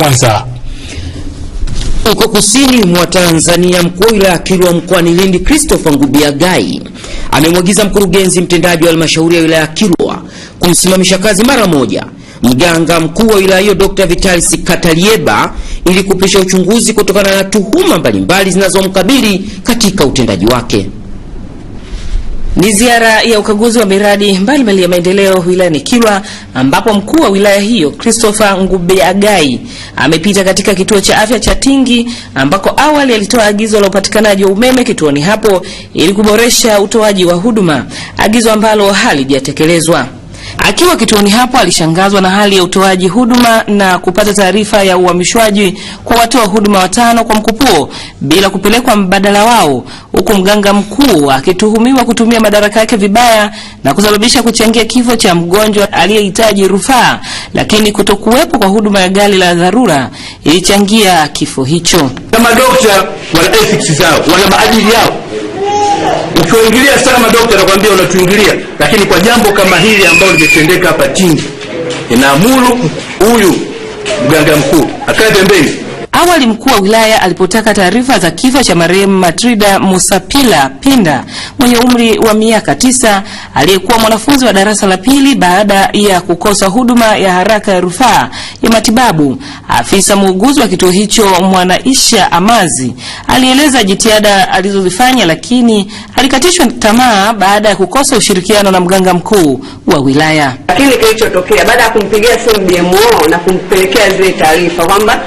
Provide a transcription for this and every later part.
Mwanza. Huko kusini mwa Tanzania, mkuu wa wilaya ya Kilwa mkoani Lindi Christopher Ngubiagai amemwagiza mkurugenzi mtendaji wa halmashauri ya wilaya Kilwa kumsimamisha kazi mara moja mganga mkuu wa wilaya hiyo Dr. Vitalis Katalieba ili kupisha uchunguzi kutokana na tuhuma mbalimbali zinazomkabili katika utendaji wake. Ni ziara ya ukaguzi wa miradi mbalimbali ya maendeleo wilayani Kilwa ambapo mkuu wa wilaya hiyo Christopher ngubeagai amepita katika kituo cha afya cha Tingi ambako awali alitoa agizo la upatikanaji wa umeme kituoni hapo ili kuboresha utoaji wa huduma, agizo ambalo halijatekelezwa. Akiwa kituoni hapo alishangazwa na hali ya utoaji huduma na kupata taarifa ya uhamishwaji kwa watoa huduma watano kwa mkupuo bila kupelekwa mbadala wao, huku mganga mkuu akituhumiwa kutumia madaraka yake vibaya na kusababisha kuchangia kifo cha mgonjwa aliyehitaji rufaa, lakini kutokuwepo kwa huduma ya gari la dharura ilichangia kifo hicho. Na madokta wana ethics zao, wana maadili yao Ukituingilia sana dokta atakwambia unatuingilia, lakini kwa jambo kama hili ambalo limetendeka hapa chini inaamuru huyu mganga mkuu akae pembeni. Awali mkuu wa wilaya alipotaka taarifa za kifo cha marehemu Matrida Musapila Pinda mwenye umri wa miaka tisa aliyekuwa mwanafunzi wa darasa la pili baada ya kukosa huduma ya haraka ya rufaa ya matibabu, afisa muuguzi wa kituo hicho Mwanaisha Amazi alieleza jitihada alizozifanya, lakini alikatishwa tamaa baada ya kukosa ushirikiano na mganga mkuu wa wilaya. Lakini kilichotokea baada ya kumpigia simu BMO na kumpelekea zile taarifa kwamba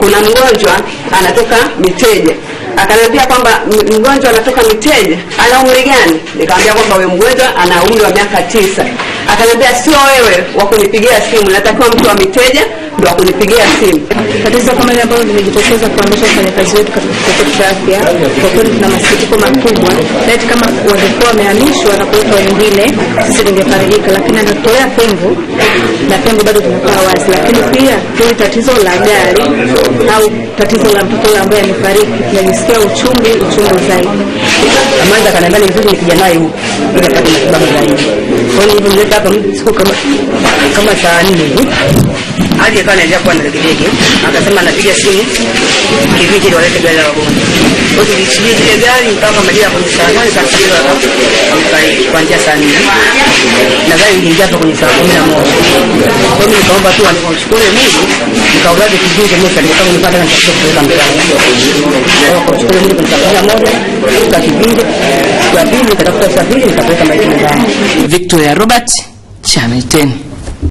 kuna mgonjwa anatoka Miteja akaniambia kwamba mgonjwa anatoka Miteja, ana umri gani? Nikamwambia kwamba huyo mgonjwa ana umri wa miaka tisa. Akaniambia sio wewe wa kunipigia simu, natakiwa mtu wa Miteje ndio kunipigia simu. Tatizo kama ile ambalo limejitokeza kuhamisha wafanyakazi wetu katika kituo cha afya, kwa kweli tuna masikitiko makubwa. Laiti kama wangekuwa wameamishwa na kuweka wengine, sisi tungefarijika, lakini anatolea pengo na pengo bado tunakaa wazi. Lakini pia hili tatizo la gari au tatizo la mtoto yule ambaye amefariki, tunajisikia uchungu, uchungu zaidi. Amanda kanaambia ni vizuri nikija naye huko ili apate matibabu zaidi. Kwa hiyo nilipomleta hapa siku kama kama saa nne hivi hadi ikawa inaendelea kuwa na legelege, akasema anapiga simu kiviji ndio walete gari la wagonjwa. Kwa hiyo tulisubiri ile gari mpaka majira ya saa nane saa tisa amefariki kuanzia saa nne nadhani niliingia hapa kwenye saa kumi na moja. Kwa hiyo nikaomba tu nikamshukuru Mungu, nikaulaza kijiji cha Musa ndio kama nipata nitakuja kupeleka mtaani. Kwa hiyo Mungu kwa saa kumi na moja kwa kijiji kwa pili nikatafuta usafiri nikapeleka maiti nyumbani. Victoria Robert Channel 10.